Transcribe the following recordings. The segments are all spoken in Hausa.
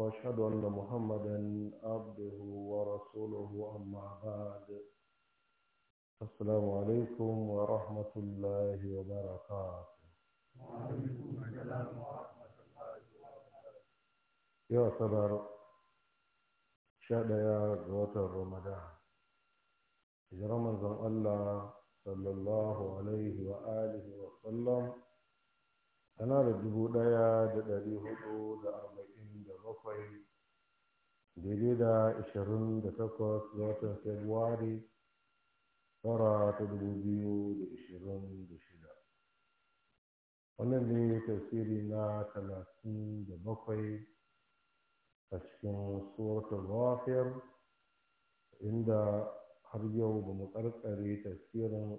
واشهد ان محمدا عبده ورسوله اما بعد السلام عليكم ورحمه الله وبركاته وعليكم السلام ورحمه الله يا صبر شهد يا قوات رمضان رمضان الله صلى الله عليه واله وسلم أنا دا دا دا دا دا دا دا دا bakwai daidai da ashirin da takwas ga watan februari tara ta dubu biyu da ashirin da shida wannan ne tafsiri na talatin da bakwai a cikin suratul ghafir inda har yau ba mu karkare tafsirin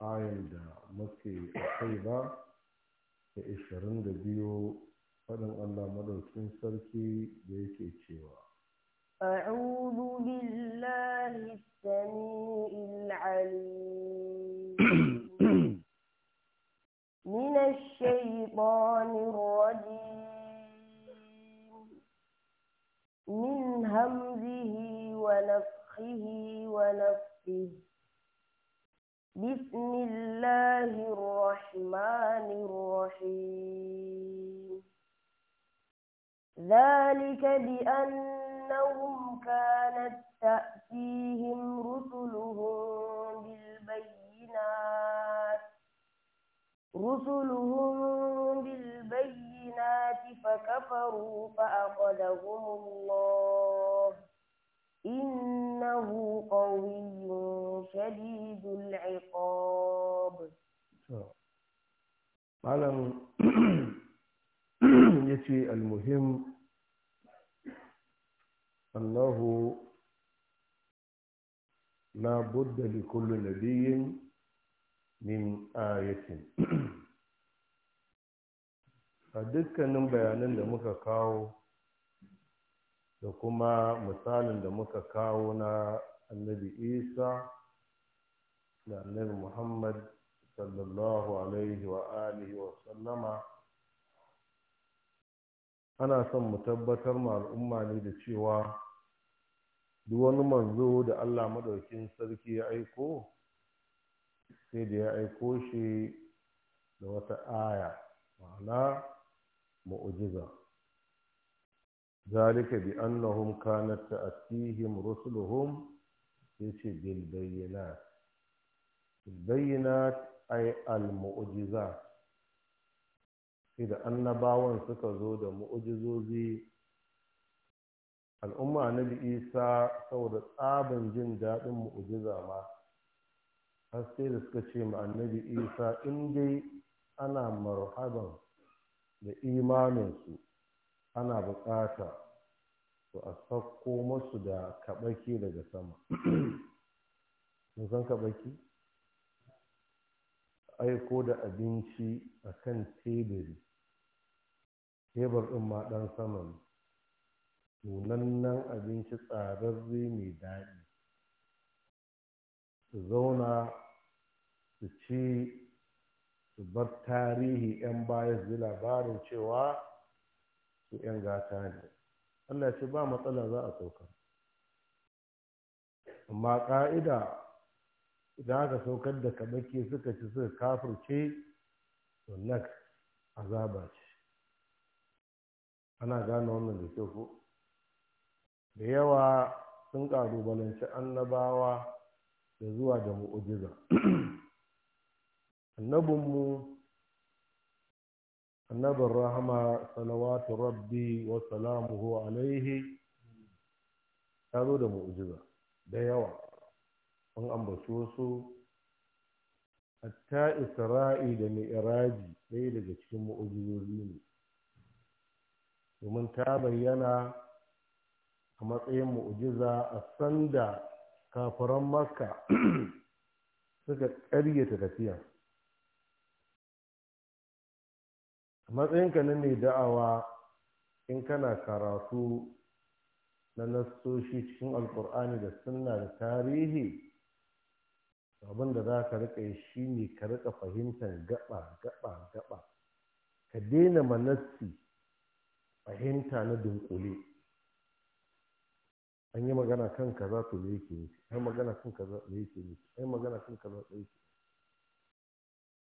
ayin da muke kai ba da ashirin da biyu فدن الله مدوكين سركي بيكي تشيوا أعوذ بالله السميع العليم من الشيطان الرجيم من همزه ونفخه ونفخه بسم الله الرحمن الرحيم ذلك بأنهم كانت تأتيهم رسلهم بالبينات رسلهم بالبينات فكفروا فأخذهم الله إنه قوي شديد العقاب. ya ce almuhim annahu la budda li kulli nabiyyin min ayatin a dukkanin bayanan da muka kawo da kuma misalin da muka kawo na annabi isa da annabi muhammad sallallahu alaihi wa alihi wa sallama ana son mu tabbatar ma al'umma ne da cewa duk wani manzo da Allah maɗaukin sarki ya aiko sai da ya aiko shi da wata aya ma'ana mu'jiza zalika bi annahum kanat ta'tihim rusuluhum yace bil bayyinat bil bayyinat ay al mu'jizat idan annabawan suka zo da mu'ujizozi al'umma annabi isa saboda tsabin jin daɗin mu'ujiza ma har sai da suka ce ma annabi isa in dai ana marhaban da imaninsu ana bukata to a sakko masu da kaɓaki daga sama mun san kaɓaki aiko da abinci a kan teburi tebur ɗin ma ɗan saman ne abinci tsararre mai daɗi su zauna su ci su bar tarihi 'yan baya su labarin cewa su 'yan gata ne allah ce ba matsala za a sauka amma ƙa'ida idan aka saukar da kabake suka ci suka kafirce to next azaba ce ana gane wannan da kyau ko da yawa sun balance annabawa da zuwa da mu'ujiza annabinmu annabin rahama salawatu rabbi wa salamuhu alaihi ta zo da mu'ujiza da yawa an ambaci wasu hatta isra'i da mi'iraji ɗaya daga cikin mu'ujizozi ne domin ta bayyana a matsayin mu'ujiza a sanda kafiran makka suka ƙaryata tafiya a matsayinka na mai da'awa in kana karatu na nassoshi cikin alkur'ani da sunna da tarihi abin da za ka riƙa yi shi ne ka riƙa fahimtar gaba gaba gaba ka daina manassi fahimta na dunkule an yi magana kan za to me yake nufi an magana kan za me yake miki, an magana kan za me yake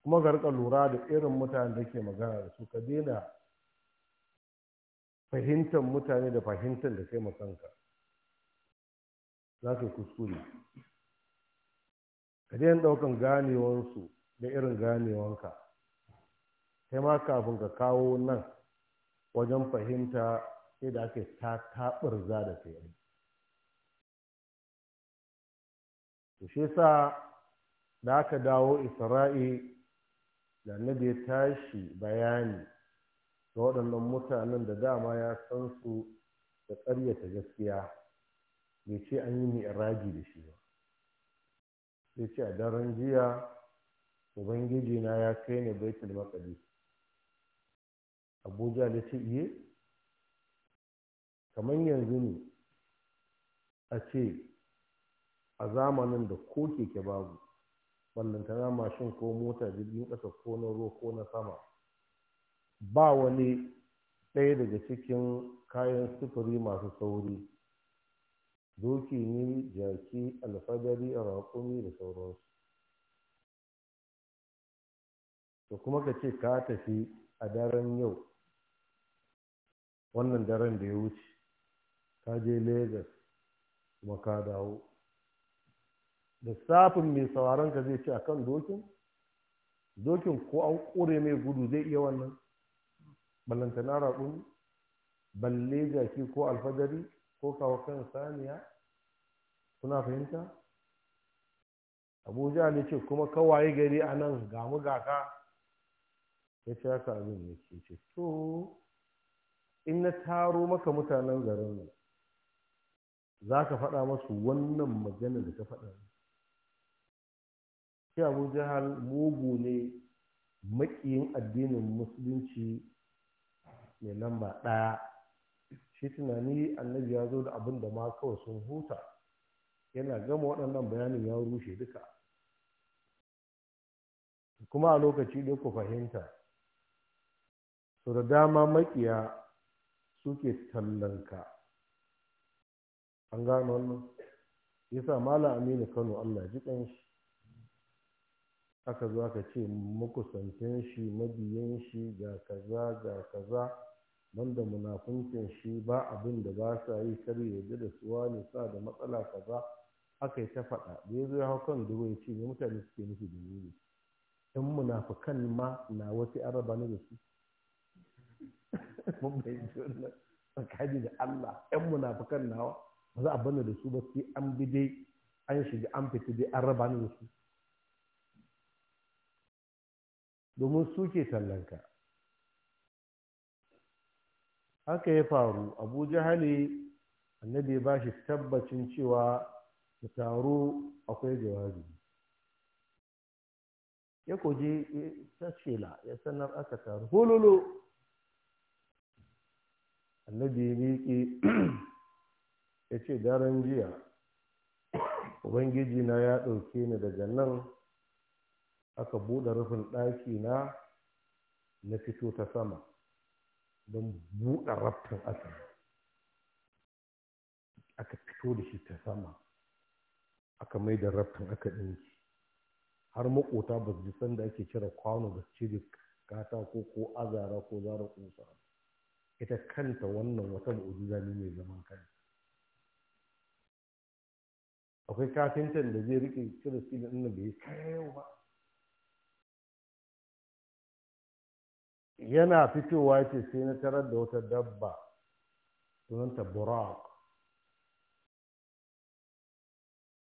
kuma ka rika lura da irin mutanen da ke magana da su ka daina fahimtar mutane da fahimtar da kai makanka za ka yi kuskure ka daina ganewar su, da irin ganewanka kai ma kafin ka kawo nan wajen fahimta sai da ake ta za da ta yi to shi sa da aka dawo isra'i da na ya tashi bayani ga waɗannan mutanen da dama ya san su da ƙaryata gaskiya bai ce an yi mi'raji da shi ba sai ce a daren jiya ubangiji na ya kai ni baitul maqdis abuja da ce iye kamar yanzu ne a ce a zamanin da ko keke babu ballantana mashin ko mota jirgin ƙasa ko na ruwa ko na sama ba wani ɗaya daga cikin kayan sufuri masu sauri doki ne jaki alfadari raƙumi da sauransu da kuma ka ce ka tafi a daren yau wannan daren da ya wuce ka je Legas kuma ka dawo lissafin mai sauraron ka zai ci a kan dokin dokin ko an kure mai gudu zai iya wannan ballantana raɗun balle jaki ko alfajari ko kawo kan saniya kuna fahimta abuja ne ce kuma kawaye gari a nan gamu gaka ya ce haka abin ya ce to in na taro maka mutanen garin nan za ka faɗa masu wannan magana da ka faɗa shi abu jihar mugu ne maƙiyin addinin musulunci mai lamba ɗaya shi tunani annabi ya zo da abin da ma kawai sun huta yana gama waɗannan bayanin ya rushe duka kuma a lokaci ɗaya ku fahimta so da dama maƙiya suke tallanka an gano wannan yasa malam aminu kano allah ji shi aka zo aka ce makusantan shi mabiyan shi ga kaza ga kaza banda munafuncin shi ba abin da ba sa yi kar yarda da suwa ne sa da matsala kaza aka yi ta faɗa da ya zo ya hau kan duro ya ce mutane suke nufi da ne ɗan munafukan ma na wasu araba da su mun wannan tsakani da Allah ƴan munafukan nawa ba za a bana da su ba sai an bi dai an shiga an fita dai an raba ni da su domin su ke ka. haka ya faru abu jahali annabi ya bashi tabbacin cewa da taro akwai jawabi ya koje ta shela ya sanar aka taru hololo annabi ya miƙe ya ce daren jiya ubangiji na ya ɗauke ni daga nan aka buɗe rufin ɗaki na na fito ta sama don buɗe rafin asa aka fito da shi ta sama aka mai da rabtin aka ɗinki har maƙota ba su san da ake cire kwano da cire katako ko azara ko zara ƙusa. ita kanta wannan wata mu'ujiza ne mai zaman kanta akwai kafintan da zai rike kiristi da inda bai kai yau ba yana fitowa ce sai na tarar da wata dabba sunanta burak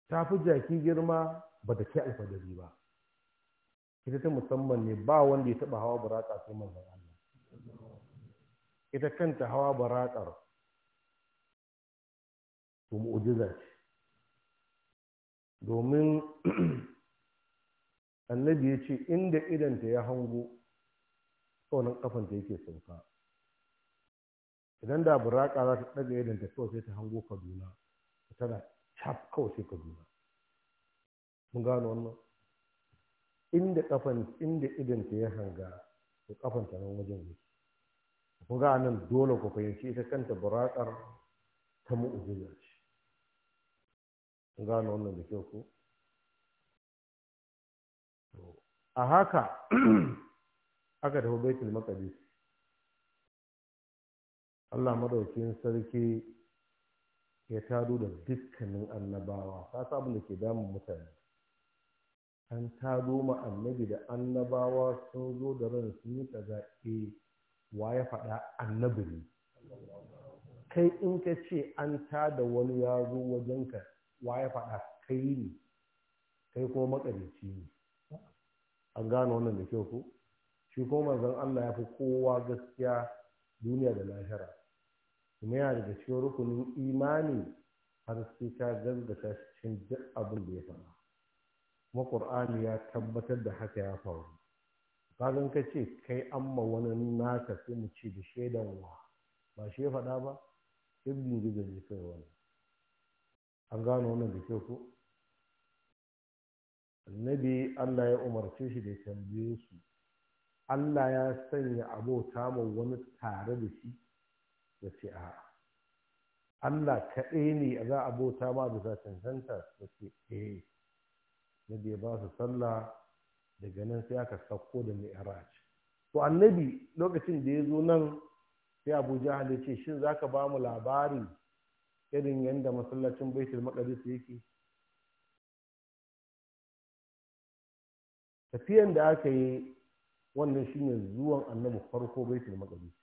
ta fi jaki girma ba da ke alfadari ba ita ta musamman ne ba wanda ya taba hawa buraka sai manzon Allah ita kanta hawa baraƙar to mu'ujiza ce domin annabi ya ce inda idanta ya hango tsaunin kafanta yake sauka idan da buraka za ta ɗaga idanta kawai sai ta hango kaduna tana cap kawai sai kaduna mun gano wannan inda kafan inda idanta ya hanga to kafanta nan wajen yake ku ga nan dole ku fahimci ita kanta buraƙar ta mu'ujiza ce ku gane wannan da kyau ko a haka aka tafi baitul maqdis Allah madaukin sarki ya tado da dukkanin annabawa ta sabu da ke damun mutane an tado ma annabi da annabawa sun zo da ran sun yi kaza eh, wa ya faɗa annabi kai in ka ce an ta da wani ya zo wajenka wa ya faɗa kai ne kai kuma makarici ne an gane wannan da kyau ko shi ko manzon Allah ya fi kowa gaskiya duniya da lahira kuma yana daga cikin rukunin imani har sai ka gaskata cikin duk abin da ya faɗa kuma ƙur'ani ya tabbatar da haka ya faru kagan ka ce kai an ma wani naka sai mu ce da shaidan wa ba shi ya faɗa ba ibn gizo ne kai wani an gano wannan da kyau ko annabi allah ya umarce shi da tambaye su allah ya sanya abota ma wani tare da shi da ce a. Allah kaɗai ne za a bauta ma bisa cancanta da ce ɗaya eh. na ya ba su sallah daga nan sai aka sauko da mi'raj to annabi lokacin da ya zo nan sai abu jahal ya ce shin za ka ba mu labari irin yadda masallacin baitul maqdis yake tafiyan da aka yi wannan shine zuwan annabi farko baitul maqdis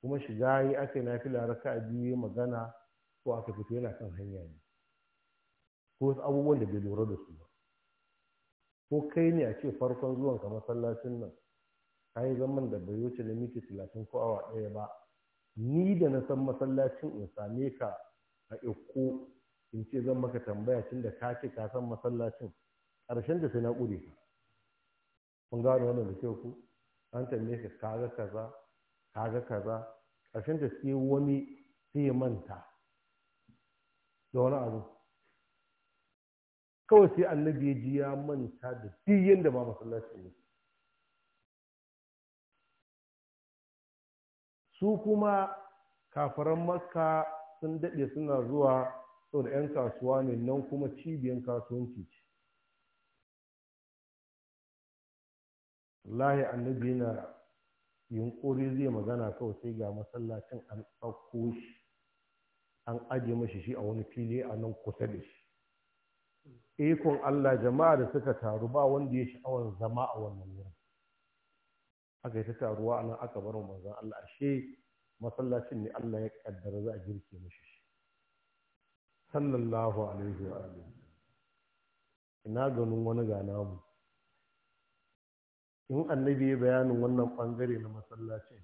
kuma shiga yi aka yi nafila raka biyu magana ko aka fito yana kan hanya ne ko abubuwan da bai lura da su ba ko kai ne a ce farkon zuwan ka masallacin nan ka zaman da bai wuce na miki talatin ko awa ɗaya ba ni da na san masallacin in same ka a ikko in ce zan maka tambaya tun da ka ce ka san masallacin ƙarshen da sai na ƙure ka kun gane wannan da kyau ku an tambaye ka kaga kaza kaga kaza ƙarshen da sai wani sai manta da wani abu kawai sai annabi ya ji ya manta da duk da ba masallaci ne su kuma kafaran makka sun daɗe suna zuwa saboda 'yan kasuwa ne nan kuma cibiyan kasuwanci ce wallahi annabi na yunƙuri zai magana kawai sai ga masallacin an ɗauko shi an ajiye mashi shi a wani fili a nan kusa da shi ikon Allah jama'a da suka taru ba wanda ya sha'awar zama a wannan wurin aka yi ta taruwa a nan aka bar manzon Allah ashe masallacin ne Allah ya kaddara za a girke mishi shi sallallahu alaihi wa ina ganin wani gana mu. in annabi ya bayanin wannan bangare na masallacin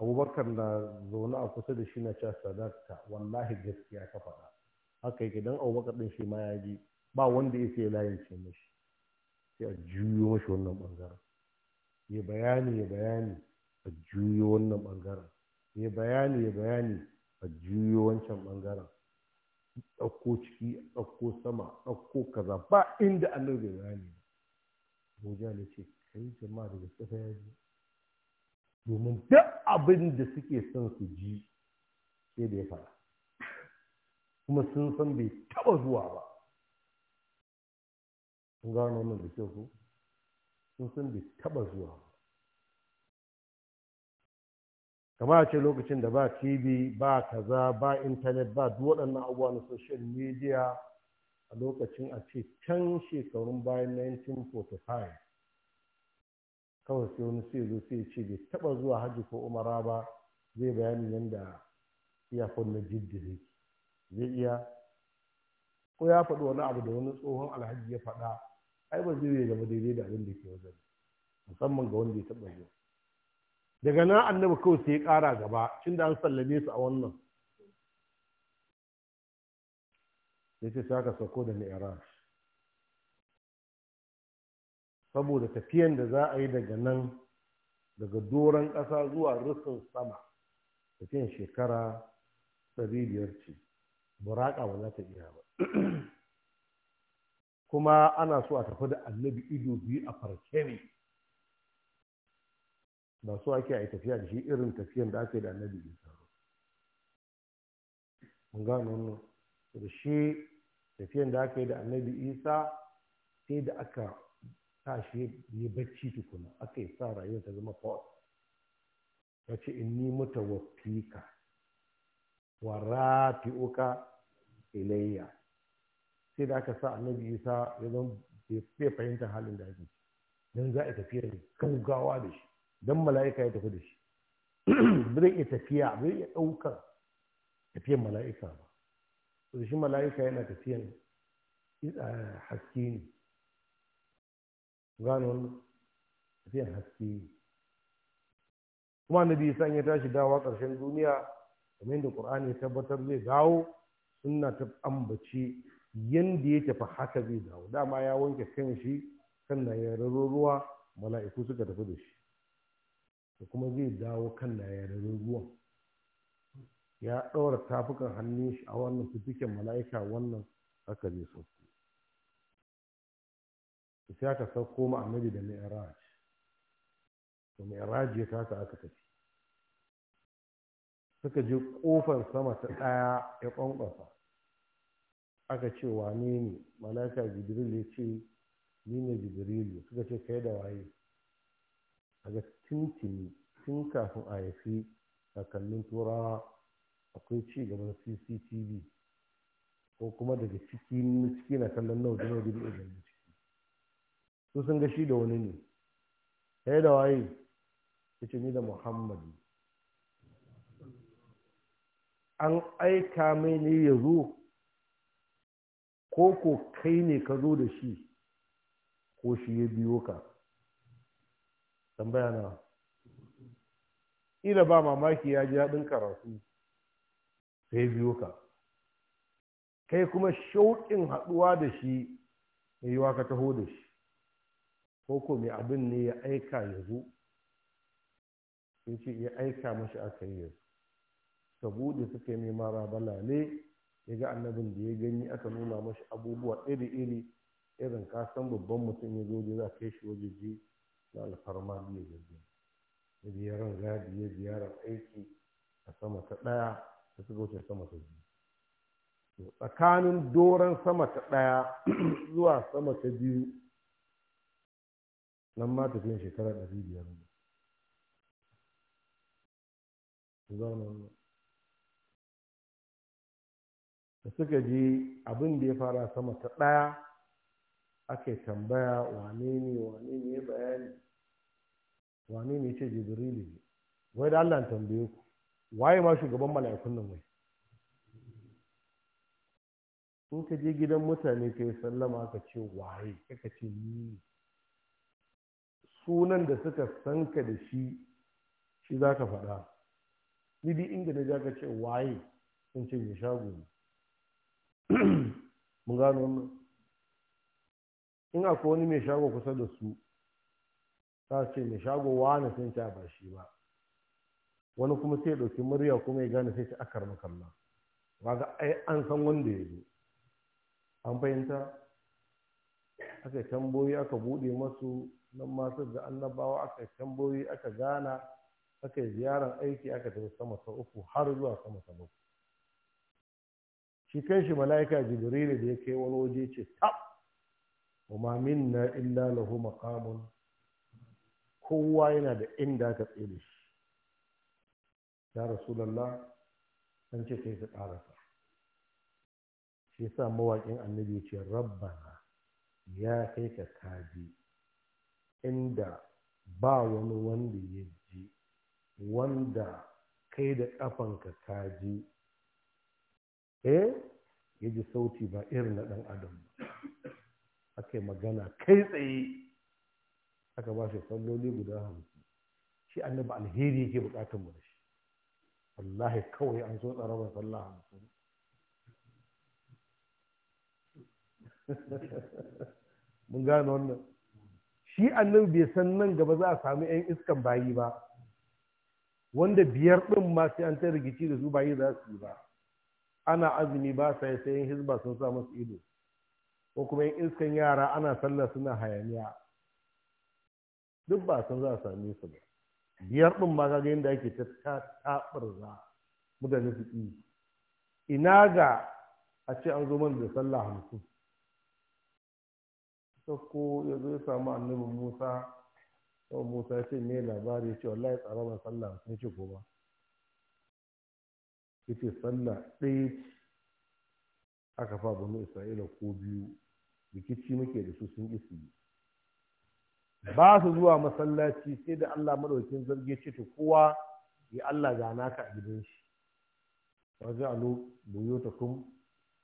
abubakar na zaune a kusa da shi na cewa sadaka wallahi gaskiya ka faɗa haka yake dan abubakar din shi ma ya ji ba wanda ya sai layin ce mashi sai a juyo mashi wannan bangaren ya bayani ya bayani a juyo wannan bangaren ya bayani ya bayani a juyo wancan bangaren ɗauko ciki ɗauko sama ɗauko kaza ba inda annabi bai bayani ba abuja ne ce kai jama'a daga tsaka ya ji domin duk abin da suke son su ji sai da ya faɗa. kuma sun san bai taba zuwa ba sun gano wannan da kyau ku sun san bai taba zuwa ba kama a ce lokacin da ba tv ba kaza ba intanet ba duk waɗannan abubuwa na social media a lokacin a ce can shekarun bayan 1945 kawai sai wani sai zo sai ce bai taba zuwa hajji ko umara ba zai bayani yadda iyakon na jirgin. zai iya ko ya faɗi wani abu da wani tsohon alhaji ya faɗa ai ba zai zama daidai da abin da ke wajen musamman ga wanda ya taɓa yi daga nan annabi kawai sai ya ƙara gaba tun da an sallame su a wannan ya ce sai aka sauko da mi'raj saboda tafiyan da za a yi daga nan daga doron ƙasa zuwa rufin sama tafiyan shekara biyar ce buraka ba za ta iya ba kuma ana so a tafi da annabi ido biyu a farke ne ba so ake a tafiya da shi irin tafiyan da ake da annabi isa mun gano wannan da shi tafiyan da aka yi da annabi isa sai da aka sa shi ya bacci tukuna aka yi sa rayuwar ta zama fort ya ce in ni mata wafika wa rafi'uka ilayya sai da aka sa annabi isa ya zan bai fahimta halin da ake don za a tafiya ne kan gawa da shi don mala'ika ya tafi da shi bai iya tafiya bai iya ɗaukar tafiyan mala'ika ba da shi mala'ika yana tafiyan eh, haske ne gano tafiyan haske ne kuma annabi isa ya tashi dawa ƙarshen duniya kamar yadda ƙur'ani ya tabbatar zai dawo sunna ta ambaci yadda ya tafi haka zai dawo dama ya wanke kan shi sannan ya ruwa mala'iku suka tafi da shi da kuma zai dawo kan na ya raro ruwan ya ɗaura tafukan hannun shi a wannan fitikin mala'ika wannan haka zai sauko sai aka sauko ma'amadi da mi'raj to mi'raj ya kasa aka tafi suka je kofar sama ta ɗaya ya ƙwanƙwasa aka ce wane ne malaka jibril ya ce ni ne jibrilu suka ce kai da waye daga tuntuni tun kafin a haifi kakannin turawa akwai ci gaban cctv ko kuma daga ciki ciki na kallon da dama gudu da gani ciki su sun ga shi da wani ne kai da waye ya ce ni da muhammadu an aika mai ne ya zo ko ko kai ne ka zo da shi ko shi ya biyo ka tambaya na Ina ba mamaki ya ji daɗin karatu sai biyo ka kai kuma shauƙin haɗuwa da shi mai yiwa ka taho da shi ko ko mai abin ne ya aika ya zo Ya ce ya aika mashi aka yi yanzu suka bude suka yi mai mara balale ya ga annabin da ya gani aka nuna mashi abubuwa iri-iri irin kasan babban mutum ya zo da za kai shi waje ji na alfarma biyu da biyu da biyaran gadi ya biyaran aiki a sama ta ɗaya ta suka wuce sama ta biyu tsakanin doron sama ta ɗaya zuwa sama ta biyu nan ma tafiyan shekara ɗari biyar ne. da suka je abin da ya fara sama ta ɗaya ake tambaya wane ne wane ne ya bayani wane ne ce jibrilu ne wai da allah tambaye ku waye ma shugaban mala'ikun nan wai in ka je gidan mutane ka yi sallama aka ce waye aka ce ni sunan da suka sanka da shi shi za ka faɗa ni inda na ja ka ce waye sun ce mai shago ne mun gano wannan in akwai wani mai shago kusa da su ta ce mai shago wani sun ta ba shi ba wani kuma sai ɗauki murya kuma ya gane sai ta akar makalla ba ga ai an san wanda ya zo an fahimta aka tamboyi aka buɗe masu nan masu da annabawa aka tamboyi aka gana aka yi ziyarar aiki aka tafi sama sau uku har zuwa sama sau uku shi kan shi mala'ika jibrilu da ya kai wani waje ce tab min na illa lahu maqamun kowa yana da inda ka tsere shi ya rasulullah an ce kai ka karasa shi sa mawaƙin annabi ya ce rabbana ya kai ka kaji inda ba wani wanda ya ji wanda kai da ƙafanka kaji eh ya ji sauti ba irin na ɗan adam aka yi magana kai tsaye aka ba shi salloli guda hamsin shi annabi alheri yake bukatun mu da shi wallahi kawai an so tsaraba sallah hamsin mun gane wannan shi annabi bai san nan gaba za a sami 'yan iskan bayi ba wanda biyar ɗin ma sai an ta rikici da su bayi za su yi ba ana azumi ba sa hisba hizba sun sa masu ido ko kuma yin iskan yara ana sallah suna hayaniya duk ba sun za a same su ba biyar ɗin ba kaga yadda ake ta taɓarza mutane su ɗi ina ga a ce an zo mana da sallah hamsin ko ya zo ya samu annabi musa ko musa ya ce me labari ya ce wallahi tsara ban sallah sun ce ko ba ita sallah ɗaya ce aka fa bani isra'ila ko biyu rikici muke da su sun isi ba su zuwa masallaci sai da allah maɗaukin zargi ce ta kowa ya allah ga naka a gidan shi wajen alo buyota kun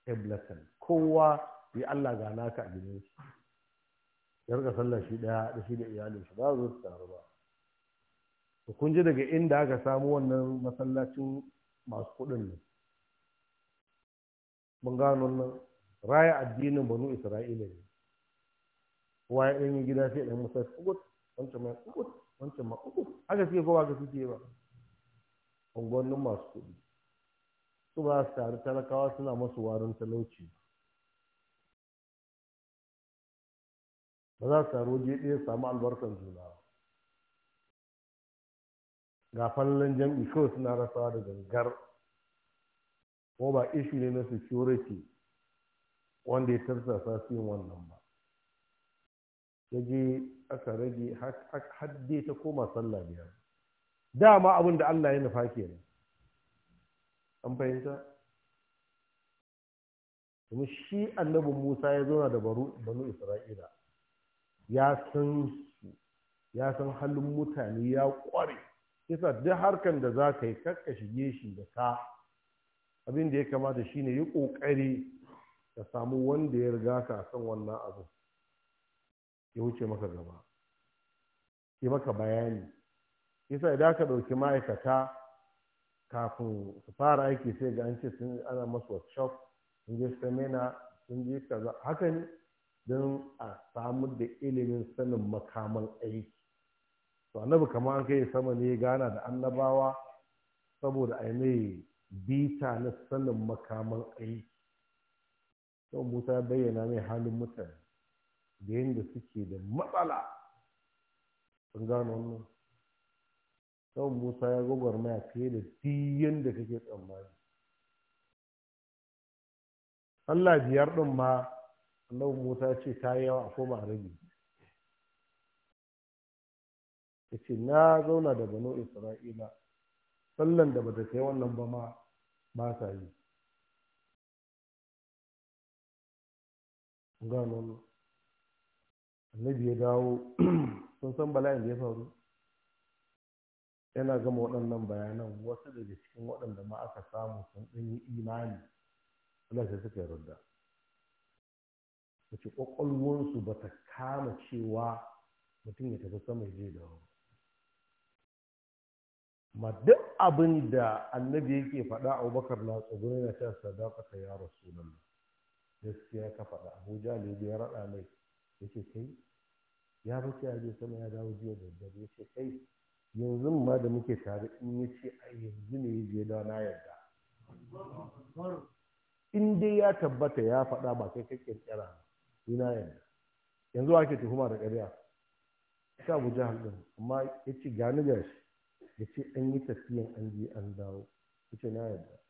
eblatan kowa ya allah ga naka a gidan shi yar ka sallah shi ɗaya da shi da iyalin shi ba su taru ba kun ji daga inda aka samu wannan masallacin masu kuɗin ne mun gano nan raya addinin banu isra'ila ne kowa ya ɗanyi gida sai ɗan musa ukut wancan ma ukut wancan ma ukut haka suke kowa ga suke ba ungwannin masu kuɗi su ba su taru talakawa suna masu warin talauci ba za su taru waje ɗaya samu albarkan juna ba ga fallon jam'i kawai suna rasawa da gangar ko ba ishi ne na security wanda ya tarsasa su yin wannan ba ya je aka rage hadde ta koma sallah biyar dama abin da Allah ya nufa kenan an fahimta kuma shi annabin Musa ya zauna da banu Isra'ila ya san ya san halin mutane ya kware kisa duk harkan da za ka yi kakka shige shi da ka abin da ya kamata shi ne yi ƙoƙari ka samu wanda ya riga ka san wannan abu ya wuce maka gaba ya maka bayani kisa idan ka ɗauki ma'aikata kafin su fara aiki sai ga an ce sun ana masu workshop sun je samina sun je kaza haka ne don a samu da ilimin sanin makaman aiki to annabi kamar an kai sama ne gana da annabawa saboda a mai bita na sanin makaman aiki to musa bayyana mai halin mutane da yadda suke da matsala sun gano wannan sau musa ya gwagwarmaya fiye da diyan da kake tsammani Allah biyar ɗin ma Allah Musa ce ta yi yawa ko ba rage ya ce na zauna da banu isra'ila sallan da bata kai wannan ba ma ba sa yi gano annabi ya dawo sun san bala'in da ya faru yana gama waɗannan bayanan wasu daga cikin waɗanda ma aka samu sun ɗan yi imani Allah sai suka yarda ce ƙwaƙwalwarsu ba ta kama cewa mutum ya tafi sama zai je dawo ma duk abin da annabi yake faɗa abubakar na tsogoni na ta sadaka ka ya rasulullah gaskiya ka faɗa abuja ne ya raɗa mai yake kai ya bace a je sama ya dawo jiya da dare yake kai yanzu ma da muke tare in ya ce a yanzu ne ya je da na yarda in dai ya tabbata ya faɗa ba kai kake tsira ni na yarda yanzu ake tuhuma da ƙarya ta abuja ɗin amma ya ce gani gashi da ce an yi tafiyan an je an dawo ya na na yarda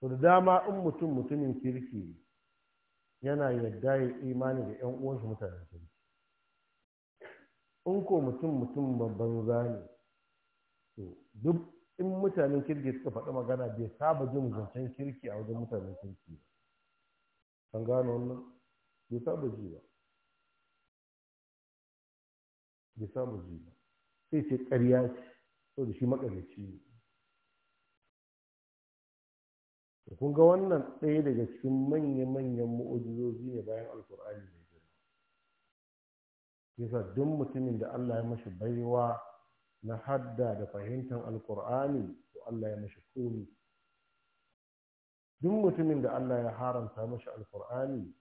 da dama in mutum mutumin kirki yana yadda ya imani da yan uwansa mutanen kirki in ko mutum mutum babban zane to duk in mutanen kirki suka faɗi magana bai saba jin zancen kirki a wajen mutanen kirki ba an gano wannan bai saba ji ba bai samu ba sai ce ƙarya ce da shi makaryaci ne kun ga wannan ɗaya daga cikin manya-manyan mu'ujizozi ne bayan alkur'ani mai girma yasa duk mutumin da Allah ya mashi baiwa na hadda da fahimtar alkur'ani to Allah ya mashi komi duk mutumin da Allah ya haramta mashi alkur'ani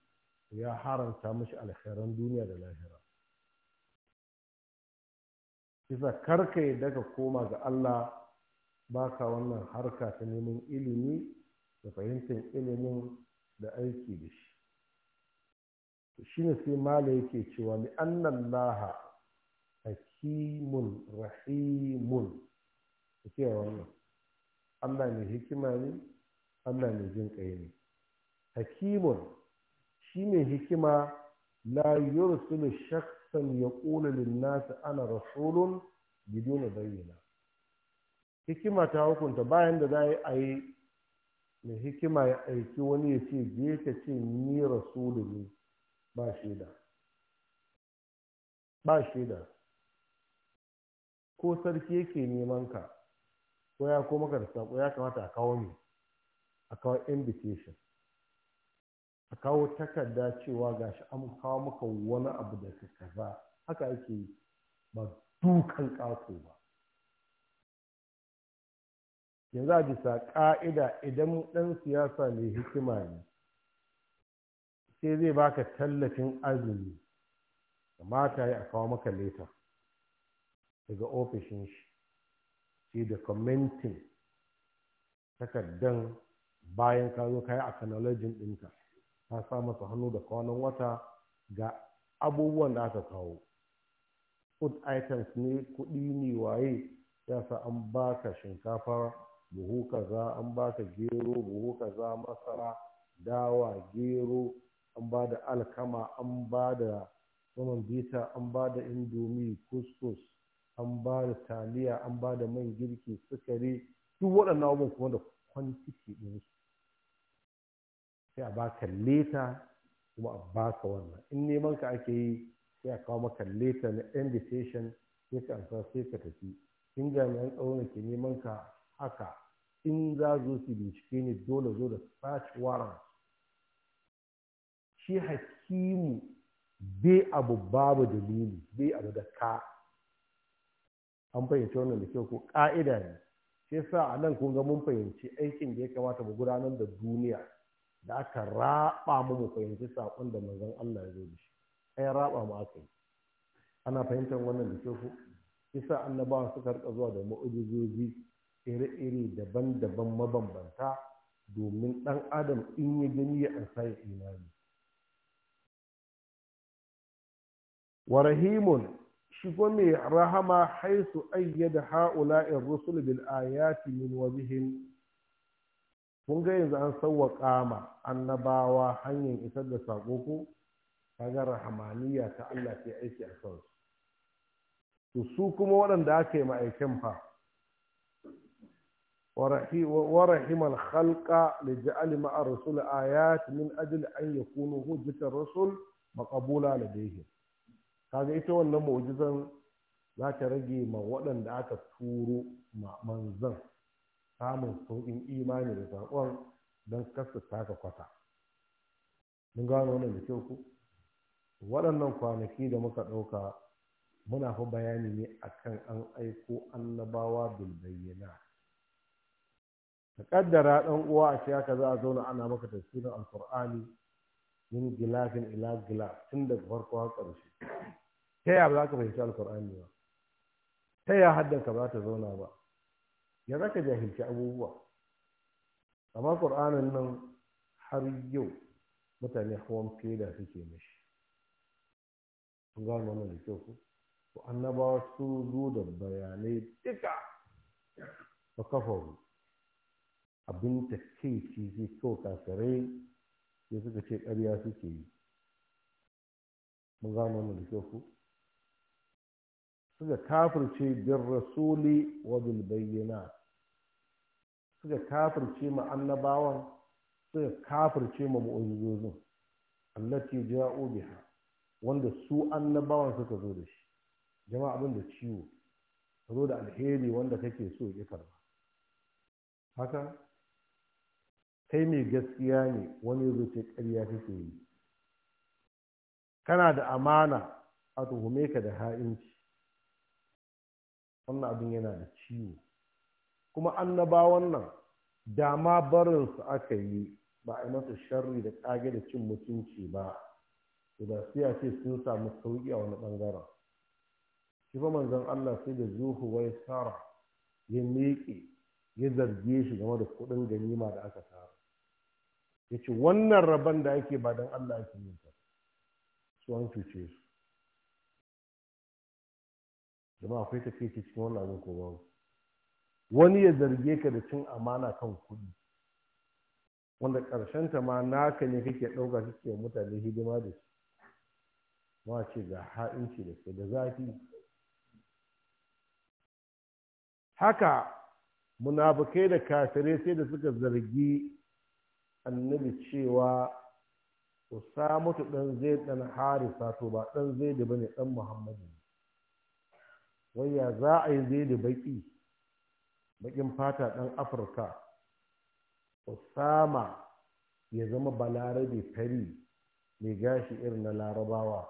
ya haramta mashi alkhairan duniya da lahira kisa karka yadda ka koma ga Allah ba ka wannan harka ta neman ilimi da fahimtar ilimin da aiki da shi shi ne sai mala yake cewa li annan laha hakimun rahimun ta ce wannan Allah mai hikima ne Allah mai jin ƙai ne hakimun shi ne hikima la da shak son ya ƙula linnasi ana rasulun biduna bayyana hikima ta hukunta bayan da za a yi mai hikima ya aiki wani ya ce je ka ce ni rasulu ne ba shaida ba shaida ko sarki yake neman ka ko ya koma maka da ya kamata a kawo ne a kawo invitation a kawo takarda cewa gashi an kawo maka wani abu da ka kaza haka ake ba dukan ƙato ba yanzu a bisa ƙa'ida idan ɗan siyasa mai hikima ne sai zai baka tallafin azumi mata ya a kawo maka leta daga ofishin shi sai da commenting takardan bayan ka zo ka yi ɗinka ta sa masa hannu da kwanan wata ga abubuwan da aka kawo food items ne kudi ne waye ya sa an baka shinkafa buhu kaza an baka gero buhu kaza masara dawa gero an ba da alkama an ba da saman bita an ba da indomi kuskus an ba da taliya an ba da man girki sukari duk waɗannan abubuwan kuma da kwantiki ɗinsu sai a baka leta kuma a baka wannan in neman ka ake yi sai a kawo maka leta na invitation sai ka amsa sai ka tafi in jami'an tsaro ke neman ka haka in za zo su bincike ne dole zo da search warrant shi hakimu bai abu babu dalili bai abu da ka an fahimci wannan da kyau ko ƙa'ida ne sai sa a nan kun ga mun fahimci aikin da ya kamata mu gudanar da duniya da aka raba mu mu fahimci sakon da manzon Allah ya zo da shi ai raba mu aka yi ana fahimtar wannan da kyau isa annabawa suka rika zuwa da mu'ujizoji iri-iri daban-daban mabambanta domin ɗan adam in ya gani ya ansa ya imani wa rahimun shi mai rahama haisu ayyada ha'ula'in rusul bil ayati min wajhin kun ga yanzu an sauwaƙa ma annabawa hanyar isar da saƙo ko kaga rahamaniya ta Allah ke aiki a kansu to su kuma waɗanda aka yi ma'aikin fa ورحم الخلق لجعل مع rasul آيات من أجل أن يكونوا هجة الرسول maqbula ladayhi kaga ita wannan mu'jizan za ta rage ma waɗanda aka turo manzan samun sauƙin imani da saƙon don kasa taka kwata mun gano wannan da kyau ku waɗannan kwanaki da muka ɗauka muna fa bayani ne akan an aiko annabawa bayyana ka ƙaddara ɗan uwa a shi haka za a zauna ana maka tafsirin alkur'ani min gilafin ila gilaf tun daga farko har ƙarshe ta yaya ba za ka fahimci alkur'ani ba ta yaya haddan ba ta zauna ba ya za ka jahilci abubuwa amma ƙur'anin nan har yau mutane hawan feda suke mashi sun gano nan da kyau ko annabawa su zo da bayanai duka ba kafaru abin ta kai ci zai kyau sai suka ce ƙarya suke yi mun gano nan da kyau ko suka kafirce bin rasuli wa bil bayyana suka kafirce ma annabawan suka kafirce ma mu'ujizozin allati ja'u biha wanda su annabawan suka zo da shi jama'a abin da ciwo ka zo da alheri wanda kake so ya karba haka kai mai gaskiya ne wani zo ce ƙarya kake yi kana da amana a tuhume ka da ha'inci wannan abin yana da ciwo kuma annabawan nan dama barinsu aka yi ba a yi masa sharri da kage da cin mutunci ba da sai a ce sun samu sauƙi a wani ɓangaren shi fa manzon Allah sai da zuhu wai sara ya miƙe ya zarge shi game da kuɗin ganima da aka tara ya ce wannan rabon da ake ba don Allah ake yin ta su an cuce su jama'a akwai tafiye cikin wannan abin ko wani ya zarge ka da cin amana kan kudi wanda ƙarshen ta ma naka ne kake ɗauka kake mutane hidima da shi ma ce ga ha'inci da ke da zafi haka munafukai da kafirai sai da suka zargi annabi cewa ku usamatu ɗan zai ɗan harisa to ba ɗan zai da bane ɗan muhammadu wai ya za a yi zai da baƙi bakin fata ɗan afirka Osama ya zama balarabe fari mai gashi irin na larabawa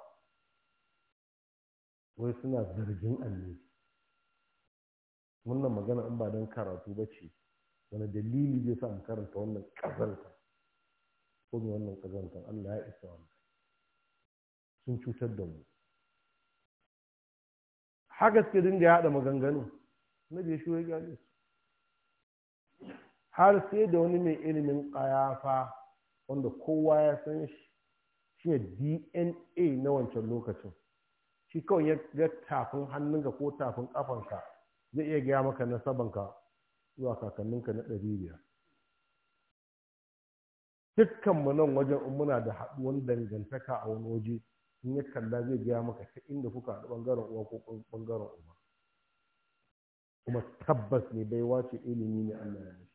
wai suna zargin alli. wannan magana in ba don karatu ba ce wani dalili zai sa mu karanta wannan ƙazanta ko mai wannan ƙazantar allah ya isa wannan sun cutar da mu haka suke dinga yaɗa maganganu na bai shi ya gyale su har sai da wani mai ilimin kayafa wanda kowa ya san shi shi dna na wancan lokacin shi kawai ya ga tafin hannunka ko tafin kafanka zai iya gaya maka nasabanka zuwa kakanninka na ɗari biyar dukkanmu nan wajen in muna da haɗuwan dangantaka a wani waje in ya kalla zai gaya maka ta inda kuka haɗu ɓangaren uwa ko ɓangaren uwa, kuma tabbas ne baiwa ce ilimi ne Allah ya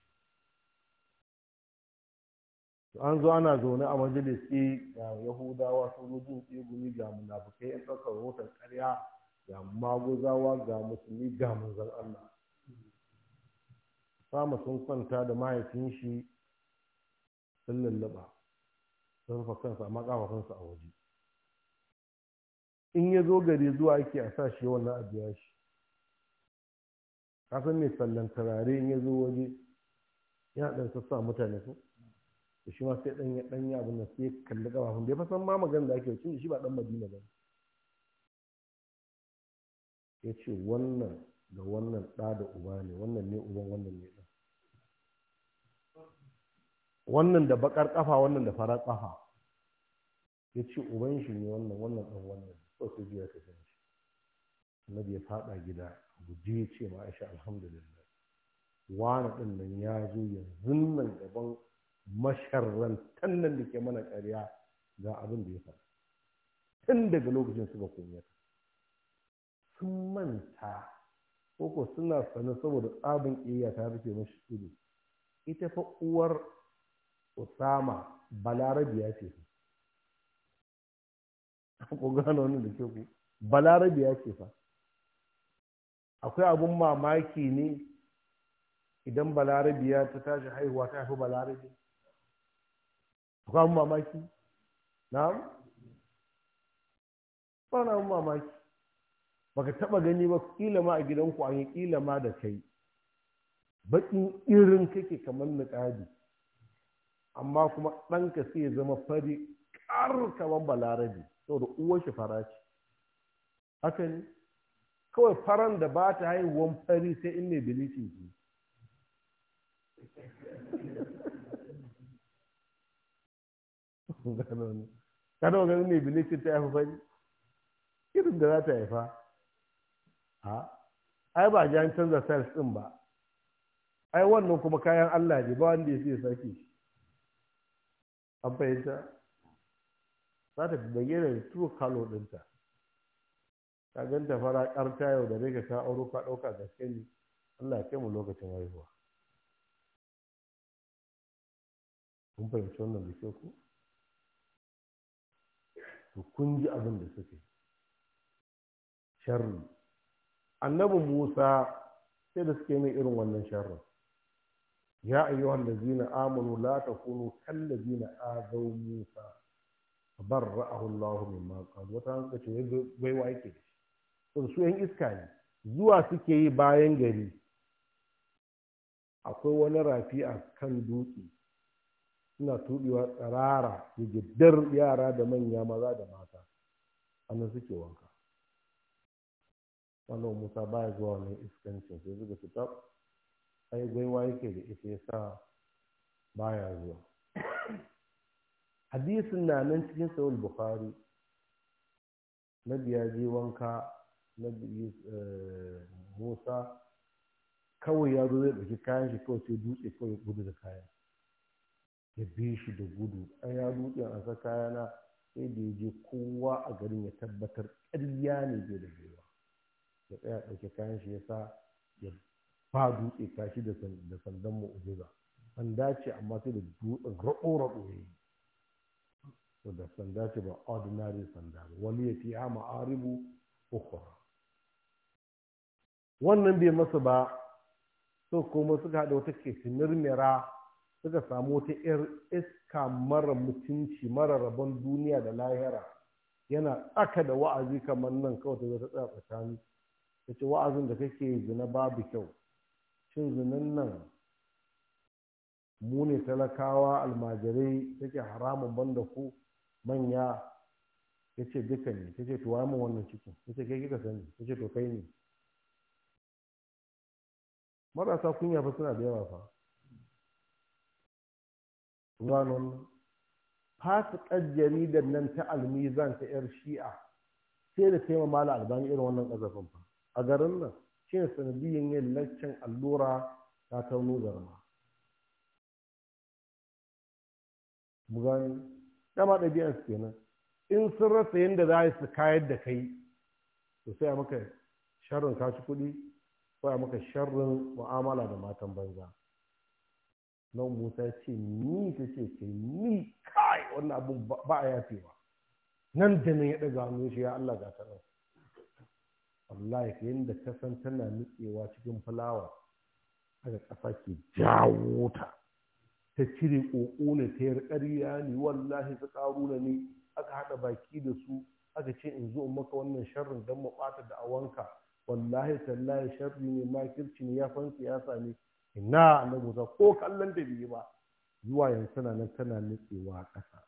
an zo ana zaune a majalisi eh, ga yahudawa sojojin tsegumi ga munafukai yan ɗaukar rahoton ƙarya ga magozawa ga musulmi ga manzan allah sama sun kwanta da mahaifin shi sun lullaba sun rufe kansa amma ƙafafunsa a waje in ya zo gari zuwa ake a sa shi wannan a biya shi kasan mai sallan turare in ya zo waje ya ɗan sassa mutane su da shi ma sai ɗanya ɗanya abin da sai kalli ƙafafun bai ya fasan ma magana da ake wuce shi ba ɗan madina ba ya ce wannan da wannan ɗa da uba ne wannan ne uban wannan ne ɗan wannan da baƙar ƙafa wannan da farar ƙafa ya ce uban shi ne wannan wannan ɗan wannan so sai biya ka san shi annabi ya faɗa gida je ya ce ma aisha alhamdulillah wani ɗin nan ya zo yanzu nan gaban masharrantan nan da ke mana ƙarya ga abin da ya faru tun daga lokacin suka kunyata sun manta koko suna sanin saboda tsabin iya ta rufe mashi ido ita fa uwar usama balarabiya ce fa ku gano wani da ke ku balarabiya ce fa akwai abun mamaki ne idan balarabiya ta tashi haihuwa ta haifi balarabi akwai mamaki na'am ba na mamaki baka taɓa gani ba ƙila ma a gidanku an yi kila ma da kai baƙin irin kake kamar niƙadi amma kuma ɗanka sai ya zama fari ƙar kamar balarabe saboda uwar shi fara ce haka ne kawai faran da ba ta haihuwan fari sai in ne bilicin gano ne ganin ta haifa fari irin da za ta haifa a ai ba ji canza sales din ba ai wannan kuma kayan Allah ne ba wanda ya sai sake an fahimta za ta bayyana da true color ɗinta ka ganta fara ƙarta yau da rage ka auro ka ɗauka gaske ne Allah ya mu lokacin haihuwa kun fahimci wannan da ke ku to kun ji abin da suke. sharri annabi musa sai da suke mai irin wannan sharri ya ayyuhal ladzina amanu la takunu kal ladzina azaw musa barra'ahu Allah mimma qalu wata hanka ce baiwa yake da shi su yan iska ne zuwa suke yi bayan gari akwai wani rafi a kan dutse suna tuɗewa tsarara da giddar yara da manya maza da mata annan suke wanka wannan musa baya zuwa wani iskancin sai zuga ci tab ai gwaiwa yake da ita ya sa baya zuwa hadisin na nan cikin sahih bukhari nabi ya je wanka nabi eh, musa kawai ya zo zai ɗauki kayan shi kawai sai dutse kawai gudu da kayan ya bi shi da gudu an ya ansa an sa kayana sai da yaje kowa a garin ya tabbatar ƙarya ne bai da baiwa ya tsaya ɗauke kayan shi ya sa ya ba dutse kashi da sandan mu'ujiza an dace amma sai da dutsen raɓo-raɓo ya yi da sanda ce ba ordinary sanda ba wani ya fiya ma'aribu ukhra wannan bai masa ba so kuma suka haɗa wata kesinir mera suka samu wata 'yar iska mara mutunci mara rabon duniya da lahira yana tsaka da wa'azi kamar nan kawai ta zata tsaya tsakani ta ce wa'azin da kake zina babu kyau cin zinan nan mu ne talakawa almajirai take haramun banda ku manya ya ce duka ne ta ce tuwa mu wannan cikin ta ce kai sani ta ce to kai ne marasa kunya fa suna da yawa fa zanen fasikar jaridar nan ta almizan ta yar shi'a sai da taimama mala albani irin wannan ƙazafin fa a garin nan shi ne yin laccan allura ta taunu garma mu gani dama ɗabi'ar su kenan in sun rasa yadda za su kayar da kai to sai a maka sharrin kashi kuɗi ko a maka sharrin mu'amala da matan banza nan musa ya ce ni ta ce ce ni kai wannan abin ba a yafewa nan da nan ya ɗaga hannun shi ya allah ga ta nan wallahi yadda ka san tana nutsewa cikin fulawa daga ƙasa ke jawo ta ta cire ƙoƙo ne ta yarƙariya ne wallahi ta na ne aka haɗa baki da su aka ce in zo maka wannan sharrin don mu ɓata da awanka wallahi tallahi sharri ne makirci ne ya fanke siyasa ne ina na Musa ko kallon da bai ba zuwa yanzu tana nan tana nutsewa ƙasa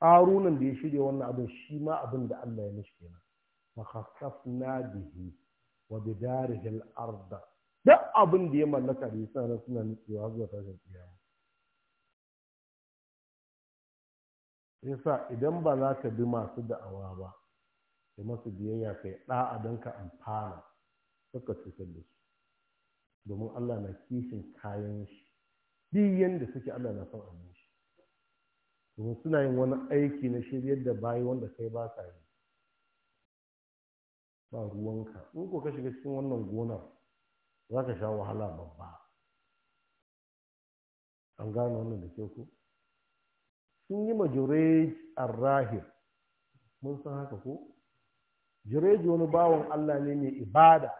ƙarunan da ya shirya wannan abin shi ma abin da Allah ya mishi kenan fa khasafna bihi wa bidarihi al-arda duk abin da ya mallaka da yasa nan suna nutsewa zuwa tashin kiyama yasa idan ba za ka bi masu da'awa ba su masu biyayya kai ɗa don ka amfana suka cutar da su domin Allah na kishin kayan shi duk yanda suke Allah na son abin shi domin suna yin wani aiki na shiryar da bayi wanda kai ba sa yi ba ruwanka in ko ka shiga cikin wannan gonar za ka sha wahala babba an gane wannan da ke ku sun yi ma jurej arrahim mun san haka ko jurej wani bawan Allah ne mai ibada